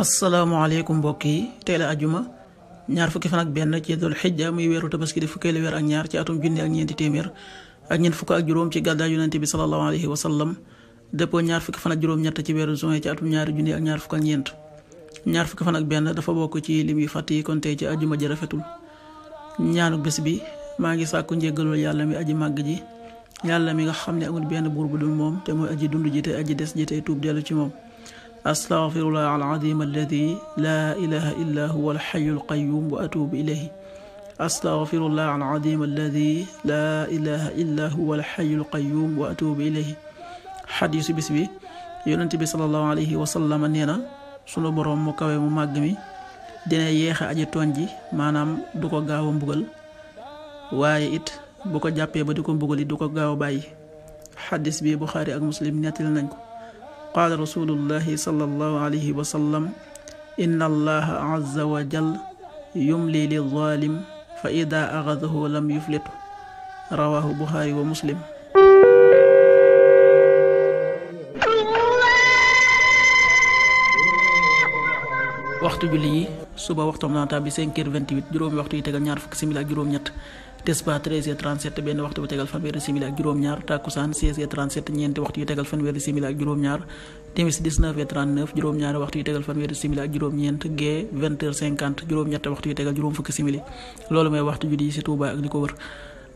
asalaamaaleykum mbokk yi tey la ajuma ñaar fukki fan ak benn ci dul xijja muy weeru tabaski di fukkeelu weer ak ñaar ci atum junni ak ñeenti téeméer ak ñeent fukk ak juróom ci gàddaay yonente bi sallallahu alayhi wa sallam dëppoo ñaar fukki fan ak juróom-ñett ci atum ñaari junni ak ñaar fukk ak ñeent ñaar fukki fan ak benn dafa bokk ci lim yu fàtt yi kon tey ci ajuma ji rafetul ñaanu bés bi maa ngi sàkku njéggalul yàlla mi aji màgg ji yàlla mi nga xam ne amul benn buur bu dul moom te mooy aji dund ji te aji des ji tey tuub dellu ci moom astaghfirullah alazim alladi la ilaha illa huwa alxayu alqayum wa atubu ilayhi astaghfirullah alazim alladi la ilaha illa huwa alxayu alqayum wa atubu ilayhi xadiisu bis bi yonent bi sallallahu alayhi wa sallam nee na sunu boroom mu kawe mu màgg mi dina yéex a aji tooñ ji maanaam du ko gaaw a mbugal waaye it bu ko jàppee ba di ko mbugal it du ko gaaw a bàyyi xadis bi Buxaari ak Muslim nettali nañ ko qaala rasulullahi sallallahu alayhi wa sallam inna allaha azza wa jal yumli li zalim fa ida axadahu lam yuflitu rawahu buxaari wa muslim waxtu julli yi suba waxtu am daan tàbbi 5 heures 28 juróomi waxtu yi tegal ñaar fukki simili ak juróom-ñett tisbaar 13 heures 37 benn waxtu bu tegal fanweeri simili ak juróom-ñaar takkusaan 16 heures 37 juróom-ñaar waxtu yi tegal fanweeri simili ak juróom-ñeent gee 20 heures 50 juróom-ñett waxtu yi tegal juróom fukki simili loolu mooy waxtu julli yi ci Touba ak li ko wër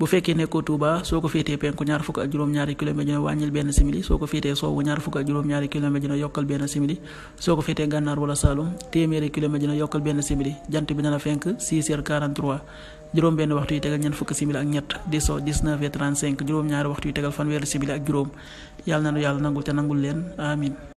bu fekkee nekkoo Touba soo ko féetee penku ñaar fukk ak juróom-ñaari kilomètre dina wàññil benn simili soo ko féetee soowu ñaar fukk ak na ñaari kilomètre dina yokkal benn simili soo ko féetee gànnaar wala Saloum téeméeri kilomètre dina yokkal benn simili jant bi dana fenk 6h43 juróom benn waxtu yi tegal ñeent fukk simili ak ñett di so 19h35 juróom-ñaari waxtu yi tegal fanweeri simili ak juróom yàlla na nu yàlla nangul te nangul leen amin